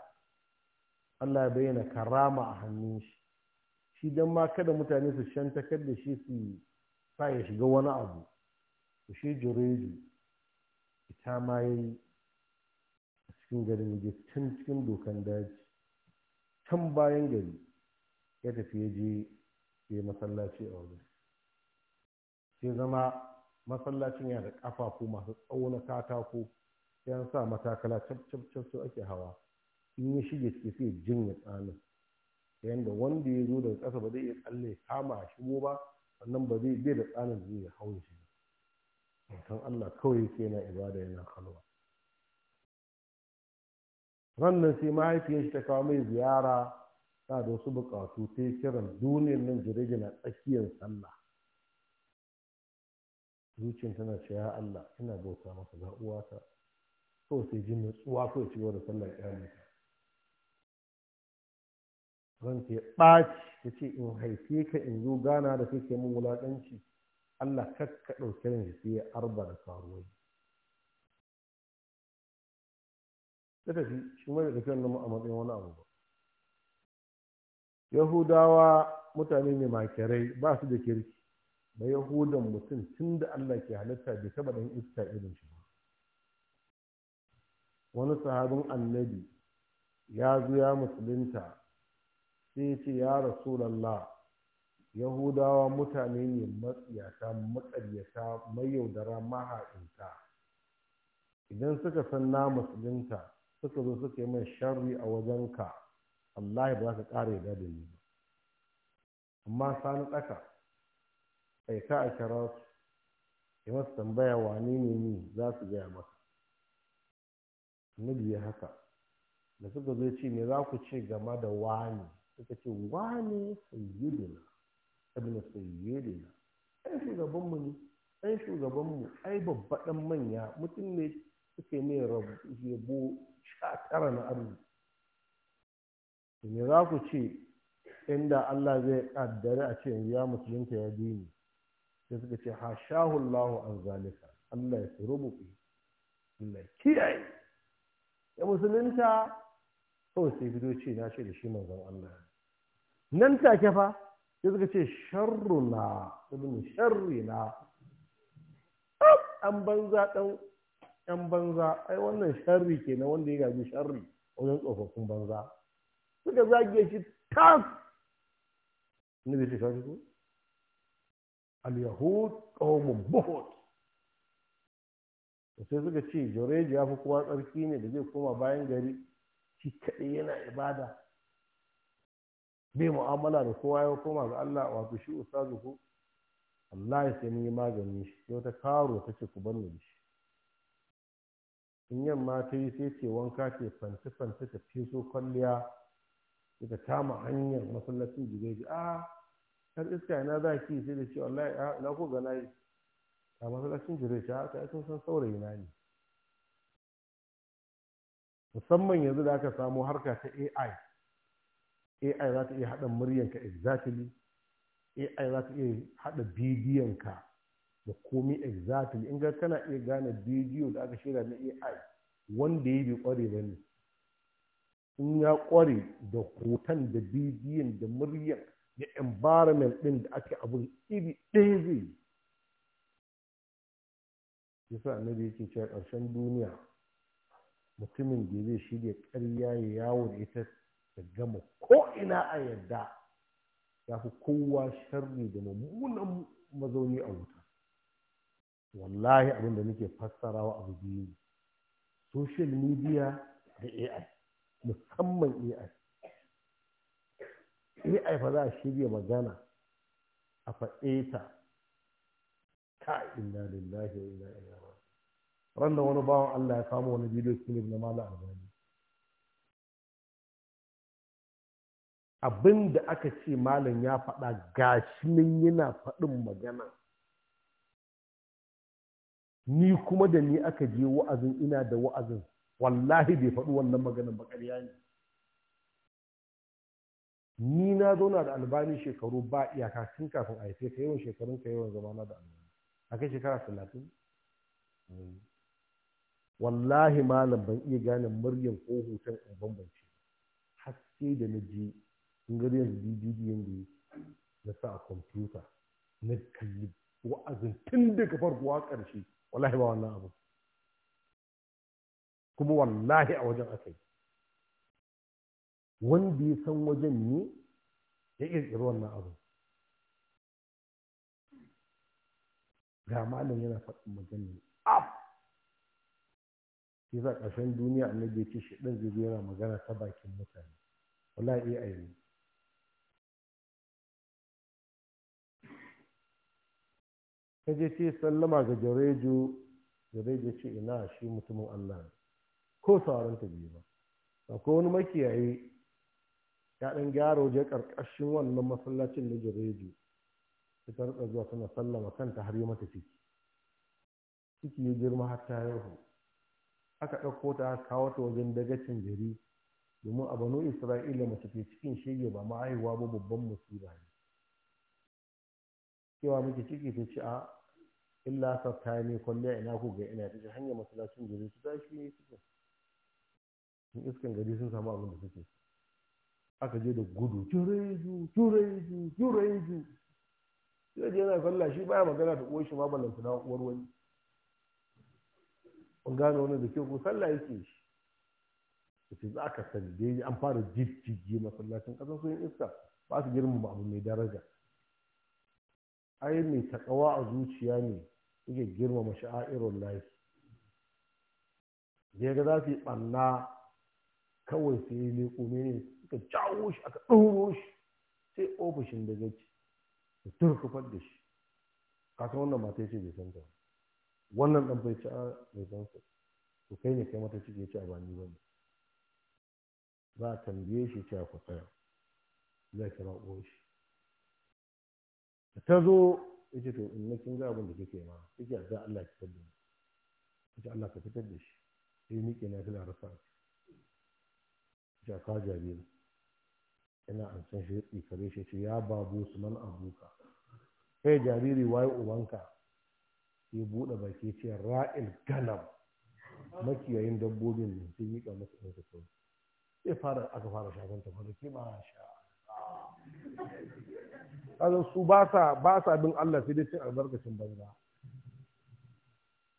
Allah ya bayyana karama a hannun shi shi don ma kada mutane su shantakar da shi su sa ya shiga wani abu to shi ita ma ya yi a cikin garin yaje can cikin dokan daji can bayan gari ya tafi ya je ya yi masallaci a wajen sai zama masallacin yana da ƙafafu masu tsawo na katako yan sa matakala cap cap cap su ake hawa in ya shige ciki sai ya tsanin ta yadda wanda ya zo daga ƙasa ba zai iya tsalle kama a shigo ba sannan ba zai bai da tsanin zai ya hau shi Allah kawai ke yana ibada yana halwa rannan sai mahaifiyar shi ta kawo mai ziyara ta da wasu buƙatu ta yi kiran duniyar nan jirage na tsakiyar sallah zuciyar tana cewa Allah ina bauta masa ga uwata kawai sai jin natsuwa kawai cigaba da sallar iyalita zan ya ɓaci ya ce in haife ka in zo gana da kake mun wulaƙanci Allah kakka ɗauke ni sai ya arba da faruwa ta tafi shi mai da nan a matsayin wani abu ba yahudawa mutane ne makirai ba su da kirki ba yahudan mutum tun da Allah ke halitta bai taɓa ɗan iska irin shi ba wani sahabin annabi ya zo ya musulunta sai ya ce ya rasulallah yahudawa mutane ne matsiyata matsaryata mayaudara maha'inta idan suka san na musulunta suka zo suka yi min sharri a wajenka allahi ba za ka ƙara da ni ba amma sani tsaka kai ka a kira su yi masu tambaya wa ne ni za su gaya maka annabi ya haka da suka zo ce me za ku ce game da wani suka ce wane sayyidina ibn sayyidina ai shugaban mu ne ai shugaban mu. ai babbaɗan manya mutum ne suke mai yabo sha tara na arziki me za ku ce inda Allah zai kaddare a ce ya musulunta ya dini sai suka ce ha shahullahu an zalika Allah ya rubu Allah kiyaye ya musulunta kawai sai bido ce na ce da shi manzon Allah nan take fa sai suka ce sharruna ibn sharrina an banza ɗan yan banza ai wannan sharri na wanda ya gaji sharri wajen tsofaffin banza suka zage shi tas Ni bai shiga shi ko al-yahud ƙawamun buhut sai suka ce joreji ya fi kuma tsarki ne da zai koma bayan gari shi kaɗai yana ibada bai mu'amala da kowa ya koma ga Allah wato shi ustazu ko Allah ya sai mun magani shi sai wata karo ta ce ku banne shi in yamma ta yi sai ce wanka ce fanti fanti ta feso kwalliya ta kama hanyar masallacin jigaji a har iska ina za ki sai da ce wallahi ina ko ga na yi a masallacin jigaji a ta sun san saurayi na ne musamman yanzu da aka samu harka ta ai ai za ta iya haɗa muryanka exactly ai za ta iya haɗa bidiyonka da komi exactly in ga kana iya gane bidiyo da aka shirya na ai wanda ya bi kware ba ne in ya kware da hoton da bidiyon da muryan da environment ɗin da ake abin iri ɗaya zai yasa annabi yake cewa ƙarshen duniya mutumin da zai shirya ƙarya ya yawo da ita ta gama ko ina a yadda ya fi kowa sharri da mummunan mazauni a wuta wallahi abin da nake fassarawa abu biyu ne social media da ai musamman ai ai fa za a shirya magana a faɗe ta ka inna lillahi wa inna ilaihi ran da wani bawan Allah ya samu wani bidiyo clip na malam albani abin da aka ce malam ya faɗa gashi nan yana faɗin magana ni kuma da ni aka je wa'azin ina da wa'azin wallahi bai faɗi wannan maganin ba ne ni na zauna da albani shekaru ba iyaka sun kafin a haife ka yawan shekarun ka yawan zama na da albani a kai shekara talatin eh. wallahi malam ban iya gane muryan ko hoton in bambance haske da na je in gari yanzu dvd yanda na sa a kwamfuta na kalli wa'azin tun daga farko a ƙarshe wallahi ba wannan abu kuma wallahi a wajen aka yi wanda ya san wajen ne ya ƙirƙiri wannan abu ga malam yana faɗin magana ab shi ƙarshen duniya annabi ya ce shi ɗan zai yana magana ta bakin mutane wala iya ne ta je ce sallama ga jarejo jarejo ce ina shi mutumin allah ne ko sauran ta biyu ba akwai wani makiyayi ya ɗan gyara waje ƙarƙashin wannan masallacin na jarejo ta rika zuwa tana sallama kanta har yi mata ciki ciki ya girma har ta yi aka ɗauko ta aka kawo ta wajen dagacin gari domin a banu isra'ila mace ke cikin shege ba mahaihuwa ba babban musiba ne cewa muke ciki ta ci a illa sabta ne kwalliya ina ku ga ina ta hanyar masalacin gari su shi ne cikin sun iskan gari sun samu abin da suke aka je da gudu jureju jureju jureju sai je yana kwalla shi baya magana ta uwar shi ma ballanta na uwar wani an gano wani da ke ku sallah yake shi yace za ka sani da an fara jijjige masallacin ƙasar sun iska ba su girmama abu mai daraja ai mai takawa a zuciya ne yake girmama sha'airun lahi da ga za su yi ɓanna kawai sai yi leƙo ne suka jawo shi aka ɗauro shi sai ofishin da gaci da turkufar da shi kasan wannan mata ce bai san ta ba wannan ɗan bai ci a mai zansa to kai ne kai mata ciki ya ci a ba wani. za a tambaye shi ce a ku zai kira uwar shi ta zo ya ce to in na kin ga abin da kake ma kike a Allah ki fitar da ni kace Allah ka fitar da shi sai miƙe na fila rasa a ka jabi Yana an san shi ya tsikare shi ce ya babu su man abuka kai jariri waye ubanka sai buɗe baki ce ra'il ganam makiyayin dabbobin ne sai miƙa masa ɗan ka sau sai fara aka fara shagon ta fara kima sha kaga su ba sa ba sa bin Allah sai dai cin albarkacin banza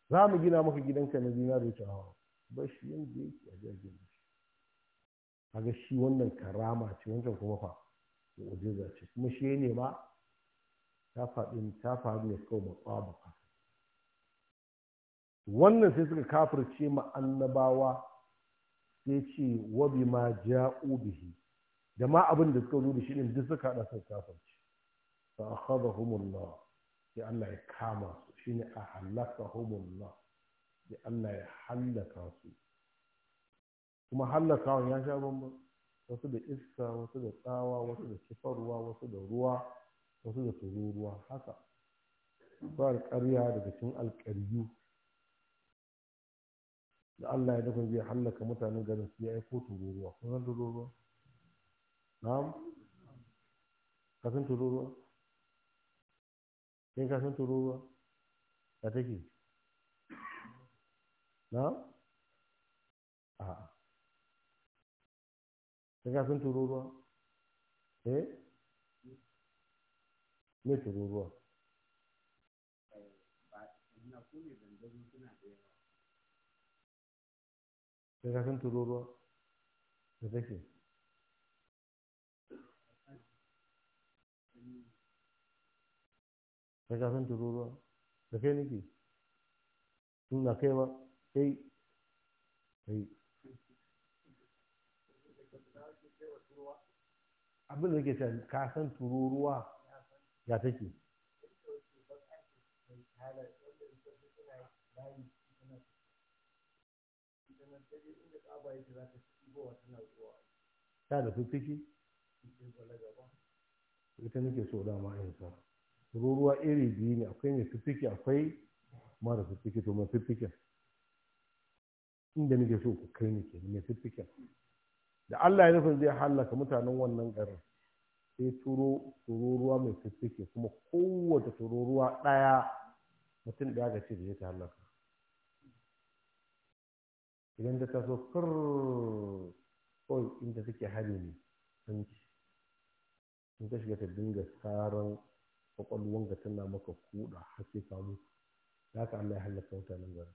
za mu gina maka gidanka na zinari ta hawa ba shi yanzu yake a jirgin A kaga shi wannan karama ce wancan kuma fa mu'jiza ce kuma shi ne ma ta faɗi ta faɗi ne kawai matsaba wannan sai suka kafirce ma annabawa sai ce wabi ma ja'u bihi da ma abin da suka zo da shi ne duk suka hada suka kafirce fa akhadhahumullah sai Allah ya kama su shine a halakahumullah sai Allah ya halaka su kuma halakawan ya sha bamba wasu da iska wasu da tsawa wasu da kifarwa wasu da ruwa wasu da tururuwa haka ba ƙarya daga cikin alƙaryu da Allah ya dafa zai hallaka mutanen garin su ya aiko tururuwa kun san tururuwa na'am ka san tururuwa kai ka san tururuwa ka take na'am a'a kai ka san tururuwa eh me tururuwa sai ka san tururuwa da take sai ka san tururuwa da kai nake sun na kai ba kai kai abin da nake cewa ka san tururuwa ya take ta da fiffiki ita nake so dama in sa ruwa iri biyu ne akwai mai fiffiki akwai mara fiffiki to mai fiffikin inda nake so ku kai nake mai fiffikin da Allah ya nufin zai hallaka mutanen wannan garin sai turo tururuwa mai fiffike kuma kowace tururuwa ɗaya mutum ɗaya ga ce da ya ta hallaka idan ta taso kar kawai inda suke hari ne ci in ka shiga ta dinga saran kwakwalwan ga tana maka kuɗa har sai ka mutu haka Allah ya halaka mutanen garin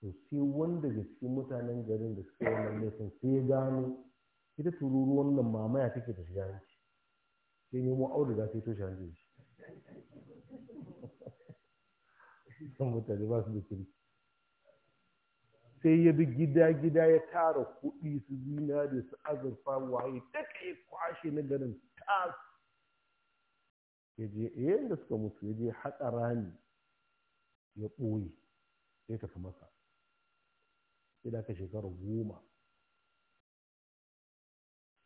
to sai wanda da cikin mutanen garin da suka wannan laifin sai ya gano ita tururuwan nan mamaya take da shiga hanci sai nemo auduga sai toshe hanci shi mutane ba su da kirki sai ya bi gida-gida ya tara kuɗi su zinari su azurfa waye duka ya kwashe na garin tas ya je eh, yayin da suka mutu ya je haƙa rami ya ɓoye ya tafi masa sai da aka shekara goma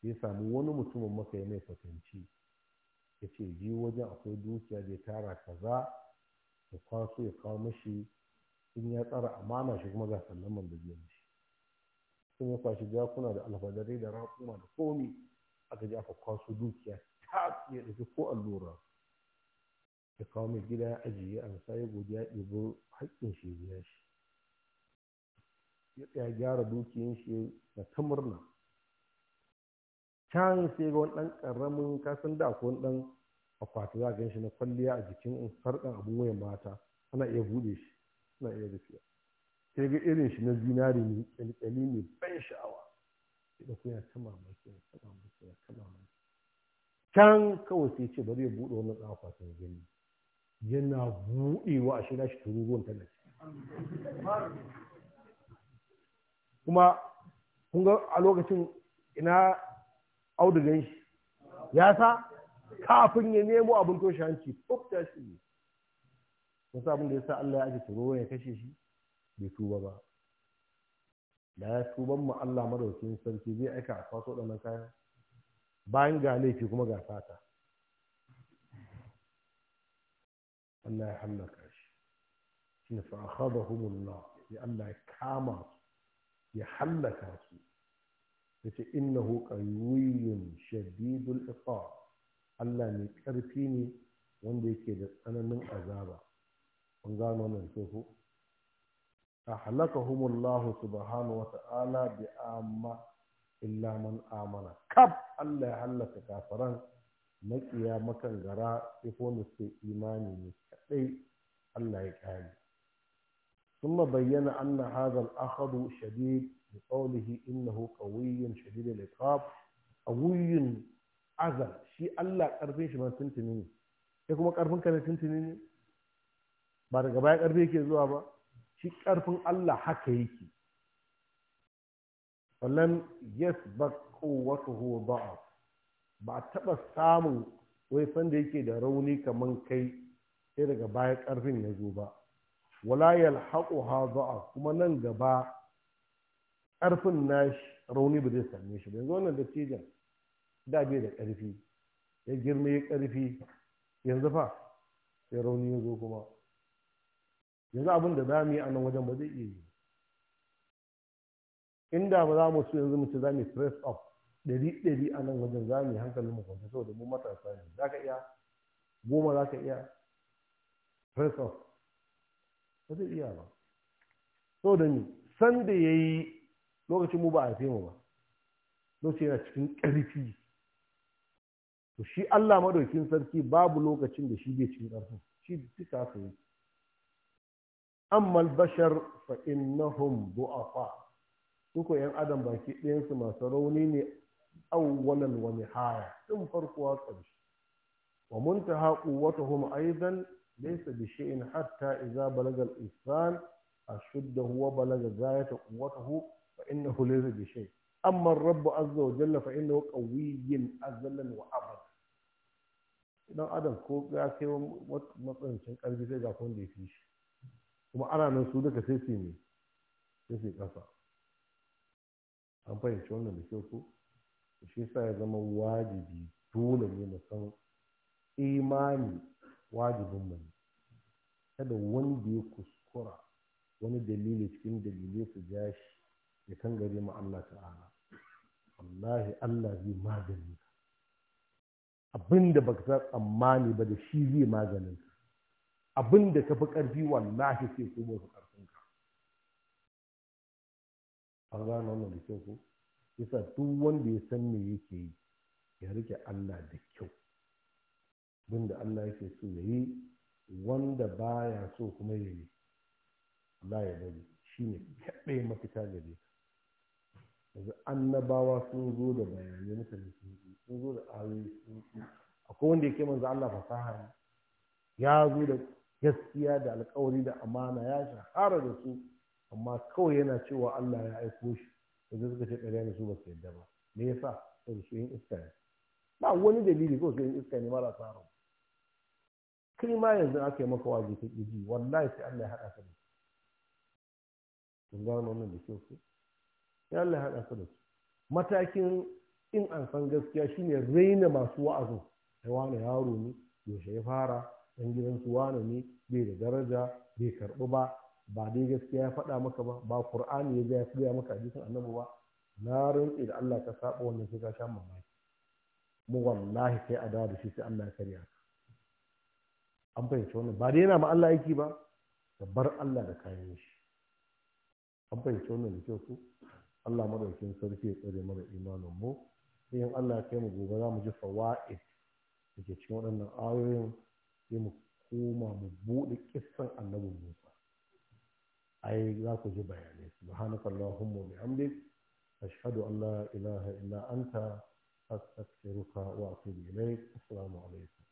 ya samu wani mutumin maka ya mai fatanci. ya ce je wajen akwai dukiya da ya tara kaza ya kwaso ya kawo mashi in ya tsara amana shi kuma ga man da biyan shi sun ya kwashi jakuna da alfajare da raƙuma da komi aka ji aka kwaso dukiya ta ya ɗauki ko allura ya kawo mai gida ya ajiye a sa ya godiya ɗebo haƙƙin shi biya shi ya tsaya gyara dukiyan shi na ta murna can sai ga wani ɗan ƙaramin kasan da akwai wani ɗan akwati za a gan shi na kwalliya a jikin sarƙan abin wayan mata ana iya buɗe shi suna iya rufewa sai ga irin shi na zinari ne kyalkyali ne ban sha'awa sai da kuna ta mamaki ya ta mace ya ta mace can kawai sai ce bari ya buɗe wannan ɗan ta gani yana buɗewa a shirya shi tururuwan tallafi kuma kun ga a lokacin ina audugan shi ya sa kafin ya nemo abin toshe hanci fufta shi ne wasu abin da ya sa Allah ya aji tsoro ya kashe shi bai tuba ba da ya tuban mu Allah madaukin sarki zai aika a da ɗanan kaya? bayan ga laifi kuma ga sata Allah ya hallaka shi shi ne fa'akhadahumullah ya Allah ya kama su ya hallaka su ya innahu qawiyyun shadidul iqab Allah mai ƙarfi ne wanda yake da tsananin azaba kun gano wannan ke ku ahlakahumullahu subhanahu wa ta'ala bi amma illa man amana kaf Allah ya halaka kafaran makiya makangara sai ko ne sai imani ne kadai Allah ya kare ثم بين أن هذا الأخذ شديد بقوله إنه قوي شديد العقاب قوي azal shi Allah ƙarfin shi ma tuntuni ne kuma ƙarfin ka ba daga baya ƙarfi yake zuwa ba shi ƙarfin Allah haka yake wannan yes ba wasu huwa ba ba a taɓa samun wai sanda yake da rauni kamar kai sai daga baya ƙarfin ya zo ba wala haƙo ha za'a kuma nan gaba ƙarfin nashi rauni ba zai same shi ba yanzu wannan dattijan da bai da ƙarfi ya girma ya ƙarfi yanzu fa sai rauni ya zo kuma yanzu abin da za mu yi a nan wajen ba zai iya yi inda ba za mu so yanzu mu ce za mu press up ɗari ɗari a nan wajen za mu yi hankalin mu kwanta saboda mu matasa ne za ka iya goma za ka iya press up ba zai iya ba saboda ni san da ya yi lokacin mu ba a mu ba lokacin yana cikin ƙarfi to shi Allah madaukin sarki babu lokacin da shi bai cikin ƙarfin shi duka haka yake amma albashar fa innahum du'afa suko yan adam baki ɗayansu masu rauni ne awwalan wa nihaya din farko ƙarshe wa muntaha quwwatuhum aidan laysa bi shay'in hatta idza balaga al-insan ashuddahu wa balaga ghayata quwwatihi fa innahu laysa bi shay' amma ar-rabb azza wa jalla fa innahu qawiyyun azlan wa abad idan adam ko ya kai matsancin karfi sai ga kun da ya fi shi kuma ana nan su duka sai su ne sai su ƙasa an fahimci wannan da kyau ko shi sa ya zama wajibi dole ne na san imani wajibin mu ne kada wanda ya kuskura wani dalili cikin dalilai su ja shi ya kan gare mu Allah ta'ala wallahi Allah zai magani abinda baka san tsammani ba da shi zai maganin abin da ka fi ƙarfi wallahi sai ko mafi ƙarfin ka an gano wannan da kyau ko yasa duk wanda ya san me yake yi ya rike Allah da kyau abin da Allah yake so ya yi wanda baya so kuma ya yi Allah ya bari shi ne kaɗai mafita gare ka yanzu annabawa sun zo da bayanai mutane sun zo sun zo da ayoyi sun zo akwai wanda ya ke manzo Allah fasaha ya zo da gaskiya da alkawari da amana ya shahara da su amma kawai yana cewa Allah ya aiko shi da suka ce ɗariya da su ba su yadda ba me ya sa da su yin iska ne ba wani dalili ko su yin iska ne mara tsara kai ma yanzu aka yi maka waje ta ƙiji wallahi sai Allah ya haɗa ka da su kun gano wannan da kyau ko sai Allah ya haɗa ka da su matakin in an san gaskiya shine raina masu wa'azin ai wani yaro ne yaushe ya fara dan gidan su wane ne bai da daraja bai karɓi ba ba dai gaskiya ya faɗa maka ba ba qur'ani ya ga ya gaya maka hadisin annabi ba na rantsi da Allah ka saba wannan sai ka sha mamaki mu wallahi kai a da shi sai Allah ya karya an fahimci wannan ba dai yana ma Allah aiki ba ka bar Allah da kayan shi an fahimci wannan da kyau ko Allah madaukin sarki ya tsare mana imanin mu sai in Allah ya kai mu gobe za mu ji fawaid Dake cikin waɗannan ayoyin sai mu koma mu buɗe kissan annabin Musa ai za ku ji bayanai subhanaka allahumma wa bihamdik ashhadu an la ilaha illa anta astaghfiruka wa atubu ilaik assalamu alaikum